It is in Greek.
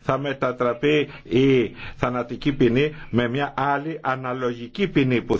θα μετατραπεί η θανατική ποινή με μια άλλη αναλογική ποινή που